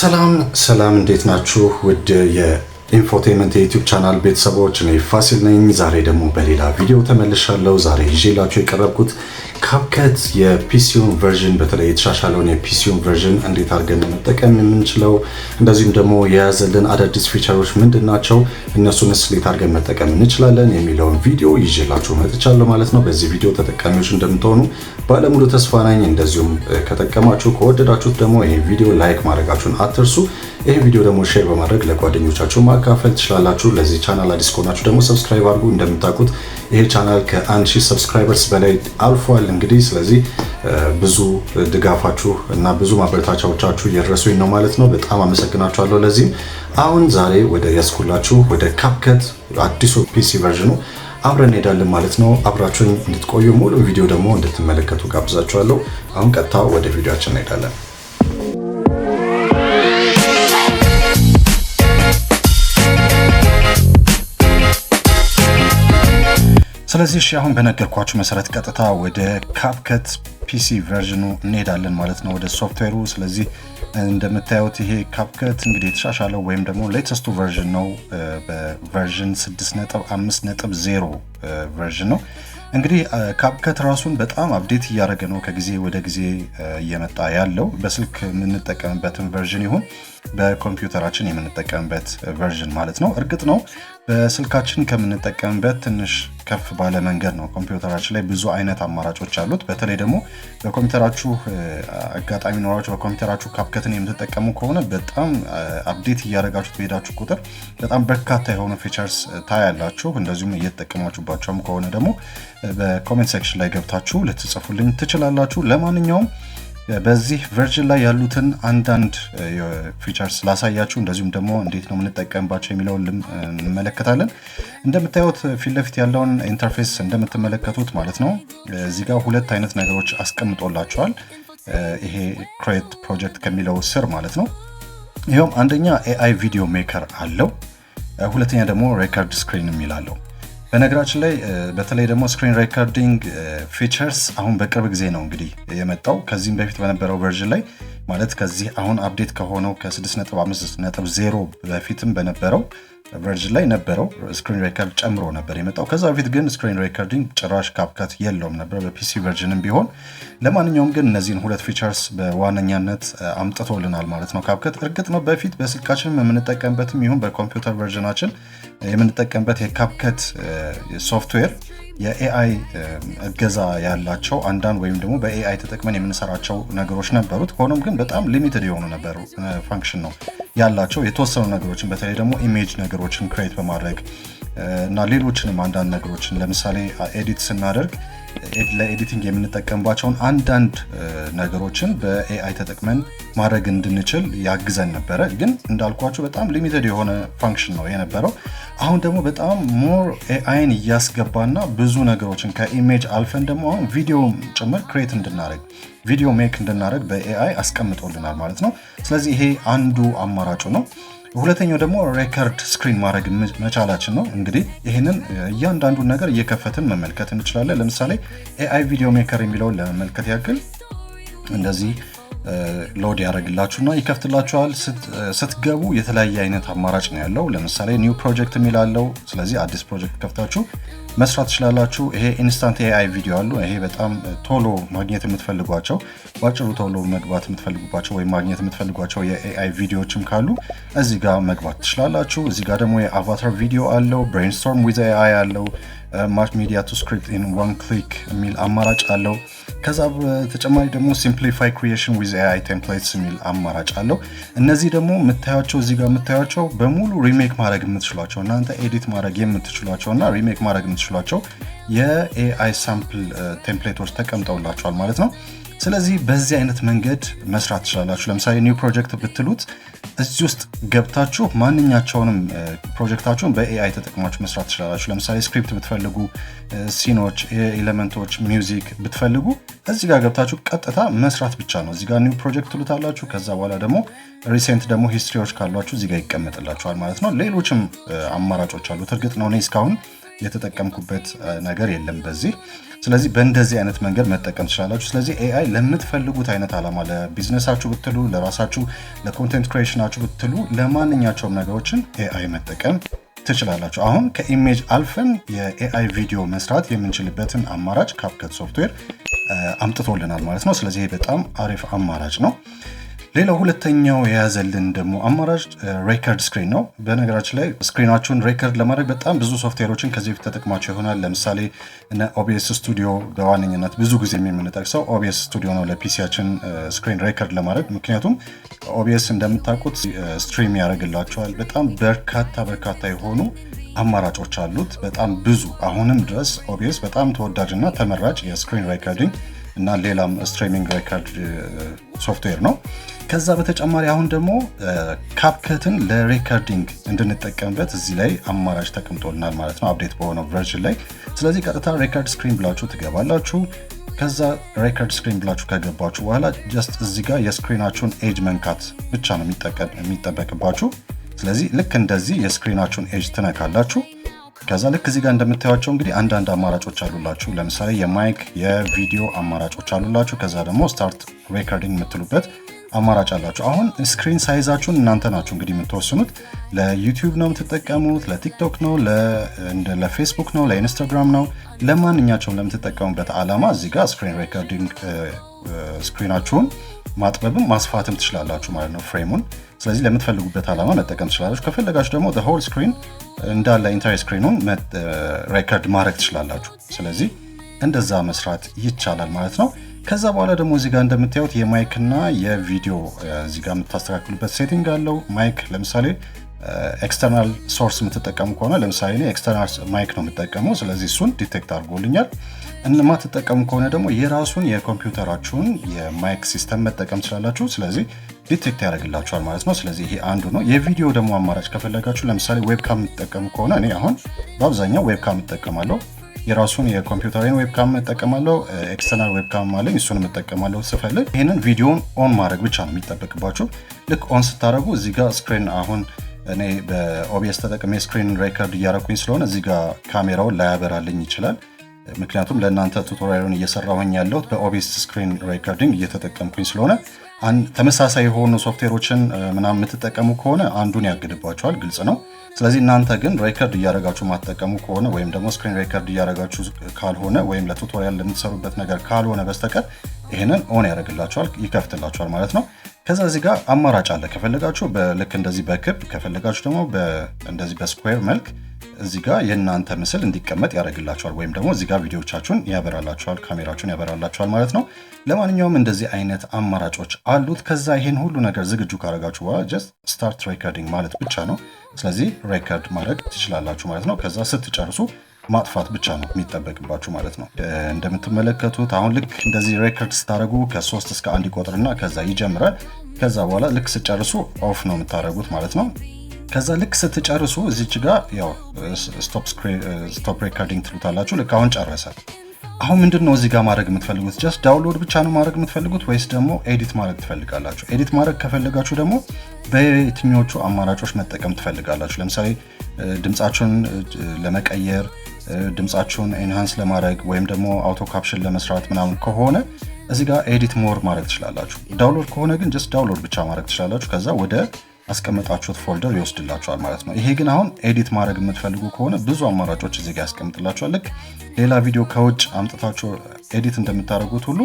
ሰላም ሰላም፣ እንዴት ናችሁ? ውድ የኢንፎቴመንት የዩቲዩብ ቻናል ቤተሰቦች እኔ ፋሲል ነኝ። ዛሬ ደግሞ በሌላ ቪዲዮ ተመልሻለሁ። ዛሬ ይዤላችሁ የቀረብኩት ካፕከት የፒሲውን ቨርዥን በተለይ የተሻሻለውን የፒሲውን ቨርዥን እንዴት አድርገን መጠቀም የምንችለው እንደዚሁም ደግሞ የያዘልን አዳዲስ ፊቸሮች ምንድን ናቸው፣ እነሱንስ እንዴት አድርገን መጠቀም እንችላለን የሚለውን ቪዲዮ ይዤላችሁ መጥቻለሁ ማለት ነው። በዚህ ቪዲዮ ተጠቃሚዎች እንደምትሆኑ ባለሙሉ ተስፋ ነኝ። እንደዚሁም ከጠቀማችሁ ከወደዳችሁት ደግሞ ይህ ቪዲዮ ላይክ ማድረጋችሁን አትርሱ። ይህ ቪዲዮ ደግሞ ሼር በማድረግ ለጓደኞቻችሁ ማካፈል ትችላላችሁ። ለዚህ ቻናል አዲስ ከሆናችሁ ደግሞ ሰብስክራይብ አድርጉ። እንደምታውቁት ይህ ቻናል ከአንድ ሺህ ሰብስክራይበርስ በላይ አልፏል። እንግዲህ ስለዚህ ብዙ ድጋፋችሁ እና ብዙ ማበረታቻዎቻችሁ እየደረሱኝ ነው ማለት ነው። በጣም አመሰግናችኋለሁ። ለዚህም አሁን ዛሬ ወደ ያስኩላችሁ ወደ ካፕከት አዲሱ ፒሲ ቨርዥኑ አብረን እንሄዳለን ማለት ነው። አብራችሁን እንድትቆዩ ሙሉ ቪዲዮ ደግሞ እንድትመለከቱ ጋብዛችኋለሁ። አሁን ቀጥታ ወደ ቪዲዮችን እንሄዳለን። ስለዚህ እሺ አሁን በነገርኳችሁ መሰረት ቀጥታ ወደ ካፕከት ፒሲ ቨርዥኑ እንሄዳለን ማለት ነው፣ ወደ ሶፍትዌሩ። ስለዚህ እንደምታዩት ይሄ ካፕከት እንግዲህ የተሻሻለው ወይም ደግሞ ሌተስቱ ቨርዥን ነው። በቨርዥን 6.5.0 ቨርዥን ነው። እንግዲህ ካፕከት ራሱን በጣም አብዴት እያደረገ ነው፣ ከጊዜ ወደ ጊዜ እየመጣ ያለው በስልክ የምንጠቀምበትን ቨርዥን ይሁን በኮምፒውተራችን የምንጠቀምበት ቨርዥን ማለት ነው። እርግጥ ነው በስልካችን ከምንጠቀምበት ትንሽ ከፍ ባለ መንገድ ነው። ኮምፒውተራችን ላይ ብዙ አይነት አማራጮች አሉት። በተለይ ደግሞ በኮምፒውተራችሁ አጋጣሚ ኖራችሁ በኮምፒውተራችሁ ካፕከትን የምትጠቀሙ ከሆነ በጣም አፕዴት እያደረጋችሁ በሄዳችሁ ቁጥር በጣም በርካታ የሆኑ ፊቸርስ ታያላችሁ። እንደዚሁም እየተጠቀማችሁባቸውም ከሆነ ደግሞ በኮሜንት ሴክሽን ላይ ገብታችሁ ልትጽፉልኝ ትችላላችሁ። ለማንኛውም በዚህ ቨርዥን ላይ ያሉትን አንዳንድ ፊቸርስ ስላሳያችሁ እንደዚሁም ደግሞ እንዴት ነው የምንጠቀምባቸው የሚለውን እንመለከታለን። እንደምታዩት ፊት ለፊት ያለውን ኢንተርፌስ እንደምትመለከቱት ማለት ነው እዚህ ጋር ሁለት አይነት ነገሮች አስቀምጦላቸዋል። ይሄ ክሬት ፕሮጀክት ከሚለው ስር ማለት ነው። ይኸውም አንደኛ ኤአይ ቪዲዮ ሜከር አለው፣ ሁለተኛ ደግሞ ሬከርድ ስክሪን የሚላለው በነገራችን ላይ በተለይ ደግሞ ስክሪን ሬኮርዲንግ ፊቸርስ አሁን በቅርብ ጊዜ ነው እንግዲህ የመጣው። ከዚህም በፊት በነበረው ቨርዥን ላይ ማለት ከዚህ አሁን አፕዴት ከሆነው ከ6.5.0 በፊትም በነበረው ቨርጅን ላይ ነበረው። ስክሪን ሬከርድ ጨምሮ ነበር የመጣው። ከዛ በፊት ግን ስክሪን ሬከርዲንግ ጭራሽ ካፕከት የለውም ነበር በፒሲ ቨርዥንም ቢሆን። ለማንኛውም ግን እነዚህን ሁለት ፊቸርስ በዋነኛነት አምጥቶልናል ማለት ነው ካፕከት። እርግጥ ነው በፊት በስልካችን የምንጠቀምበትም ይሁን በኮምፒውተር ቨርዥናችን የምንጠቀምበት የካፕከት ሶፍትዌር የኤአይ እገዛ ያላቸው አንዳንድ ወይም ደግሞ በኤአይ ተጠቅመን የምንሰራቸው ነገሮች ነበሩት። ሆኖም ግን በጣም ሊሚትድ የሆኑ ነበሩ ፋንክሽን ነው ያላቸው የተወሰኑ ነገሮችን በተለይ ደግሞ ኢሜጅ ነገሮችን ክሬት በማድረግ እና ሌሎችንም አንዳንድ ነገሮችን ለምሳሌ ኤዲት ስናደርግ ለኤዲቲንግ የምንጠቀምባቸውን አንዳንድ ነገሮችን በኤአይ ተጠቅመን ማድረግ እንድንችል ያግዘን ነበረ። ግን እንዳልኳቸው በጣም ሊሚትድ የሆነ ፋንክሽን ነው የነበረው። አሁን ደግሞ በጣም ሞር ኤአይን እያስገባና ብዙ ነገሮችን ከኢሜጅ አልፈን ደግሞ አሁን ቪዲዮ ጭምር ክሬት እንድናደርግ ቪዲዮ ሜክ እንድናደርግ በኤአይ አስቀምጦልናል ማለት ነው። ስለዚህ ይሄ አንዱ አማራጩ ነው። ሁለተኛው ደግሞ ሬከርድ ስክሪን ማድረግ መቻላችን ነው። እንግዲህ ይህንን እያንዳንዱን ነገር እየከፈትን መመልከት እንችላለን። ለምሳሌ ኤአይ ቪዲዮ ሜከር የሚለውን ለመመልከት ያክል እንደዚህ ሎድ ያደረግላችሁና ይከፍትላችኋል። ስትገቡ የተለያየ አይነት አማራጭ ነው ያለው። ለምሳሌ ኒው ፕሮጀክት የሚላለው ስለዚህ አዲስ ፕሮጀክት ከፍታችሁ መስራት ትችላላችሁ። ይሄ ኢንስታንት ኤአይ ቪዲዮ አሉ። ይሄ በጣም ቶሎ ማግኘት የምትፈልጓቸው በአጭሩ ቶሎ መግባት የምትፈልጉባቸው ወይም ማግኘት የምትፈልጓቸው የኤአይ ቪዲዮዎችም ካሉ እዚህ ጋር መግባት ትችላላችሁ። እዚህ ጋር ደግሞ የአቫታር ቪዲዮ አለው። ብሬንስቶርም ዊዝ ኤአይ አለው። ማች ሚዲያ ቱ ስክሪፕት ኢን ዋን ክሊክ የሚል አማራጭ አለው። ከዛ በተጨማሪ ደግሞ ሲምፕሊፋይ ክሪኤሽን ዊዝ ኤአይ ቴምፕሌትስ የሚል አማራጭ አለው። እነዚህ ደግሞ የምታያቸው እዚህ ጋር የምታያቸው በሙሉ ሪሜክ ማድረግ የምትችሏቸው እናንተ ኤዲት ማድረግ የምትችሏቸው እና ሪሜክ ማድረግ የምትችሏቸው የኤአይ ሳምፕል ቴምፕሌቶች ተቀምጠውላቸዋል ማለት ነው። ስለዚህ በዚህ አይነት መንገድ መስራት ትችላላችሁ። ለምሳሌ ኒው ፕሮጀክት ብትሉት እዚህ ውስጥ ገብታችሁ ማንኛቸውንም ፕሮጀክታችሁን በኤአይ ተጠቅማችሁ መስራት ትችላላችሁ። ለምሳሌ ስክሪፕት ብትፈልጉ፣ ሲኖች፣ ኤሌመንቶች፣ ሚውዚክ ብትፈልጉ እዚህ ጋር ገብታችሁ ቀጥታ መስራት ብቻ ነው። እዚህ ጋር ኒው ፕሮጀክት ትሉታላችሁ። ከዛ በኋላ ደግሞ ሪሴንት ደግሞ ሂስትሪዎች ካሏችሁ እዚህ ጋር ይቀመጥላችኋል ማለት ነው። ሌሎችም አማራጮች አሉት። እርግጥ ነው እኔ እስካሁን የተጠቀምኩበት ነገር የለም በዚህ። ስለዚህ በእንደዚህ አይነት መንገድ መጠቀም ትችላላችሁ። ስለዚህ ኤአይ ለምትፈልጉት አይነት ዓላማ ለቢዝነሳችሁ ብትሉ፣ ለራሳችሁ ለኮንቴንት ክሬሽናችሁ ብትሉ፣ ለማንኛቸውም ነገሮችን ኤአይ መጠቀም ትችላላችሁ። አሁን ከኢሜጅ አልፈን የኤአይ ቪዲዮ መስራት የምንችልበትን አማራጭ ካፕከት ሶፍትዌር አምጥቶልናል ማለት ነው። ስለዚህ በጣም አሪፍ አማራጭ ነው። ሌላው ሁለተኛው የያዘልን ደግሞ አማራጭ ሬከርድ ስክሪን ነው። በነገራችን ላይ ስክሪናችሁን ሬከርድ ለማድረግ በጣም ብዙ ሶፍትዌሮችን ከዚህ በፊት ተጠቅማቸው ይሆናል። ለምሳሌ እነ ኦቢኤስ ስቱዲዮ በዋነኝነት ብዙ ጊዜ የምንጠቅሰው ኦቢኤስ ስቱዲዮ ነው ለፒሲያችን ስክሪን ሬከርድ ለማድረግ ምክንያቱም ኦቢኤስ እንደምታውቁት ስትሪም ያደርግላቸዋል። በጣም በርካታ በርካታ የሆኑ አማራጮች አሉት። በጣም ብዙ አሁንም ድረስ ኦቢኤስ በጣም ተወዳጅና ተመራጭ የስክሪን ሬከርዲንግ እና ሌላም ስትሪሚንግ ሬከርድ ሶፍትዌር ነው። ከዛ በተጨማሪ አሁን ደግሞ ካፕከትን ለሬከርዲንግ እንድንጠቀምበት እዚህ ላይ አማራጭ ተቀምጦልናል ማለት ነው፣ አፕዴት በሆነው ቨርዥን ላይ። ስለዚህ ቀጥታ ሬከርድ ስክሪን ብላችሁ ትገባላችሁ። ከዛ ሬከርድ ስክሪን ብላችሁ ከገባችሁ በኋላ ጀስት እዚህ ጋር የስክሪናችሁን ኤጅ መንካት ብቻ ነው የሚጠበቅባችሁ። ስለዚህ ልክ እንደዚህ የስክሪናችሁን ኤጅ ትነካላችሁ። ከዛ ልክ እዚህ ጋር እንደምታዩቸው እንግዲህ አንዳንድ አማራጮች አሉላችሁ። ለምሳሌ የማይክ የቪዲዮ አማራጮች አሉላችሁ። ከዛ ደግሞ ስታርት ሬከርዲንግ የምትሉበት አማራጭ አላችሁ። አሁን ስክሪን ሳይዛችሁን እናንተ ናችሁ እንግዲህ የምትወስኑት። ለዩቲዩብ ነው የምትጠቀሙት፣ ለቲክቶክ ነው፣ ለፌስቡክ ነው፣ ለኢንስታግራም ነው፣ ለማንኛቸውም ለምትጠቀሙበት ዓላማ እዚህ ጋር ስክሪን ሬኮርዲንግ ስክሪናችሁን ማጥበብም ማስፋትም ትችላላችሁ ማለት ነው ፍሬሙን። ስለዚህ ለምትፈልጉበት ዓላማ መጠቀም ትችላላችሁ። ከፈለጋችሁ ደግሞ ሆል ስክሪን እንዳለ ኢንታየር ስክሪኑን ሬከርድ ማድረግ ትችላላችሁ። ስለዚህ እንደዛ መስራት ይቻላል ማለት ነው። ከዛ በኋላ ደግሞ እዚጋ እንደምታዩት የማይክ እና የቪዲዮ እዚጋ የምታስተካክሉበት ሴቲንግ አለው። ማይክ ለምሳሌ ኤክስተርናል ሶርስ የምትጠቀሙ ከሆነ ለምሳሌ እኔ ኤክስተርናል ማይክ ነው የምጠቀመው፣ ስለዚህ እሱን ዲቴክት አድርጎልኛል። ትጠቀሙ ከሆነ ደግሞ የራሱን የኮምፒውተራችሁን የማይክ ሲስተም መጠቀም ትችላላችሁ። ስለዚህ ዲቴክት ያደርግላችኋል ማለት ነው። ስለዚህ ይሄ አንዱ ነው። የቪዲዮ ደግሞ አማራጭ ከፈለጋችሁ ለምሳሌ ዌብካም የምትጠቀሙ ከሆነ እኔ አሁን በአብዛኛው ዌብካም እጠቀማለሁ። የራሱን የኮምፒውተርን ዌብካም እጠቀማለሁ። ኤክስተርናል ዌብካም አለኝ፣ እሱን እጠቀማለሁ ስፈልግ። ይህንን ቪዲዮን ኦን ማድረግ ብቻ ነው የሚጠበቅባችሁ። ልክ ኦን ስታደረጉ እዚህ ጋር ስክሪን አሁን እኔ በኦቢኤስ ተጠቅሜ ስክሪን ሬከርድ እያደረኩኝ ስለሆነ እዚህ ጋር ካሜራውን ላያበራልኝ ይችላል። ምክንያቱም ለእናንተ ቱቶሪያሉን እየሰራሁኝ ያለሁት በኦቢኤስ ስክሪን ሬከርዲንግ እየተጠቀምኩኝ ስለሆነ ተመሳሳይ የሆኑ ሶፍትዌሮችን ምናምን የምትጠቀሙ ከሆነ አንዱን ያግድባቸዋል፣ ግልጽ ነው። ስለዚህ እናንተ ግን ሬከርድ እያደረጋችሁ ማትጠቀሙ ከሆነ ወይም ደግሞ ስክሪን ሬከርድ እያደረጋችሁ ካልሆነ ወይም ለቱቶሪያል ለምትሰሩበት ነገር ካልሆነ በስተቀር ይህንን ኦን ያደርግላቸዋል፣ ይከፍትላቸዋል ማለት ነው። ከዛ እዚህ ጋር አማራጭ አለ። ከፈለጋችሁ ልክ እንደዚህ በክብ ከፈለጋችሁ ደግሞ እንደዚህ በስኩዌር መልክ እዚህ ጋር የእናንተ ምስል እንዲቀመጥ ያደርግላችኋል ወይም ደግሞ እዚህ ጋር ቪዲዮቻችሁን ያበራላችኋል፣ ካሜራችሁን ያበራላችኋል ማለት ነው። ለማንኛውም እንደዚህ አይነት አማራጮች አሉት። ከዛ ይሄን ሁሉ ነገር ዝግጁ ካደረጋችሁ በኋላ ጀስት ስታርት ሬኮርዲንግ ማለት ብቻ ነው። ስለዚህ ሬከርድ ማድረግ ትችላላችሁ ማለት ነው። ከዛ ስትጨርሱ ማጥፋት ብቻ ነው የሚጠበቅባችሁ ማለት ነው። እንደምትመለከቱት አሁን ልክ እንደዚህ ሬከርድ ስታደርጉ ከሶስት እስከ አንድ ይቆጥርና ከዛ ይጀምራል። ከዛ በኋላ ልክ ስጨርሱ ኦፍ ነው የምታደርጉት ማለት ነው። ከዛ ልክ ስትጨርሱ እዚች ጋር ያው ስቶፕ ሬከርዲንግ ትሉታላችሁ። ልክ አሁን ጨረሰ። አሁን ምንድን ነው እዚህ ጋር ማድረግ የምትፈልጉት? ጀስት ዳውንሎድ ብቻ ነው ማድረግ የምትፈልጉት ወይስ ደግሞ ኤዲት ማድረግ ትፈልጋላችሁ? ኤዲት ማድረግ ከፈለጋችሁ ደግሞ በየትኞቹ አማራጮች መጠቀም ትፈልጋላችሁ? ለምሳሌ ድምፃችሁን ለመቀየር፣ ድምፃችሁን ኤንሃንስ ለማድረግ ወይም ደግሞ አውቶ ካፕሽን ለመስራት ምናምን ከሆነ እዚህ ጋር ኤዲት ሞር ማድረግ ትችላላችሁ። ዳውንሎድ ከሆነ ግን ጀስት ዳውንሎድ ብቻ ማድረግ ትችላላችሁ ከዛ ወደ አስቀምጣችሁት ፎልደር ይወስድላችኋል ማለት ነው። ይሄ ግን አሁን ኤዲት ማድረግ የምትፈልጉ ከሆነ ብዙ አማራጮች እዚህ ጋር ያስቀምጥላችኋል። ልክ ሌላ ቪዲዮ ከውጭ አምጥታችሁ ኤዲት እንደምታደርጉት ሁሉ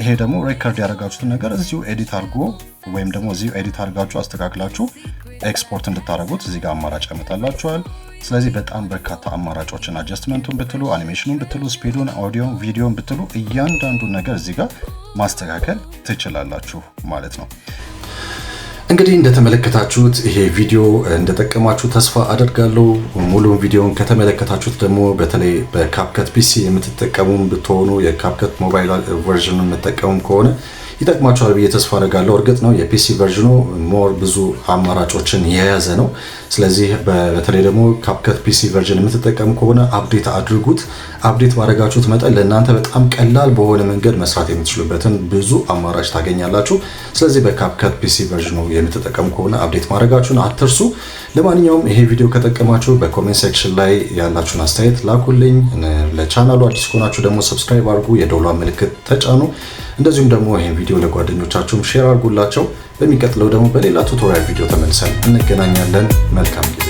ይሄ ደግሞ ሬከርድ ያደረጋችሁትን ነገር እዚሁ ኤዲት አድርጎ ወይም ደግሞ እዚሁ ኤዲት አድርጋችሁ አስተካክላችሁ ኤክስፖርት እንድታደርጉት እዚህ ጋር አማራጭ ያመጣላችኋል። ስለዚህ በጣም በርካታ አማራጮችን አጀስትመንቱን ብትሉ፣ አኒሜሽኑን ብትሉ፣ ስፒዱን፣ ኦዲዮን፣ ቪዲዮን ብትሉ እያንዳንዱ ነገር እዚህ ጋር ማስተካከል ትችላላችሁ ማለት ነው። እንግዲህ እንደተመለከታችሁት ይሄ ቪዲዮ እንደጠቀማችሁ ተስፋ አደርጋለሁ። ሙሉን ቪዲዮን ከተመለከታችሁት ደግሞ በተለይ በካፕከት ፒሲ የምትጠቀሙም ብትሆኑ የካፕከት ሞባይል ቨርዥን የምትጠቀሙም ከሆነ ይጠቅማቸዋል ብዬ ተስፋ አደርጋለሁ። እርግጥ ነው የፒሲ ቨርዥኑ ሞር ብዙ አማራጮችን የያዘ ነው። ስለዚህ በተለይ ደግሞ ካፕከት ፒሲ ቨርዥን የምትጠቀሙ ከሆነ አፕዴት አድርጉት። አፕዴት ባደረጋችሁት መጠን ለእናንተ በጣም ቀላል በሆነ መንገድ መስራት የምትችሉበትን ብዙ አማራጭ ታገኛላችሁ። ስለዚህ በካፕከት ፒሲ ቨርዥኑ የምትጠቀሙ ከሆነ አፕዴት ማድረጋችሁን አትርሱ። ለማንኛውም ይሄ ቪዲዮ ከጠቀማችሁ በኮሜንት ሴክሽን ላይ ያላችሁን አስተያየት ላኩልኝ። ለቻናሉ አዲስ ከሆናችሁ ደግሞ ሰብስክራይብ አድርጉ፣ የደውሏ ምልክት ተጫኑ። እንደዚሁም ደግሞ ይህን ቪዲዮ ለጓደኞቻችሁም ሼር አድርጉላቸው። በሚቀጥለው ደግሞ በሌላ ቱቶሪያል ቪዲዮ ተመልሰን እንገናኛለን። መልካም ጊዜ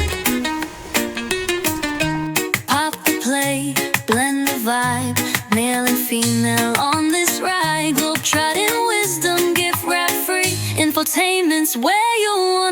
Infotainment's where you want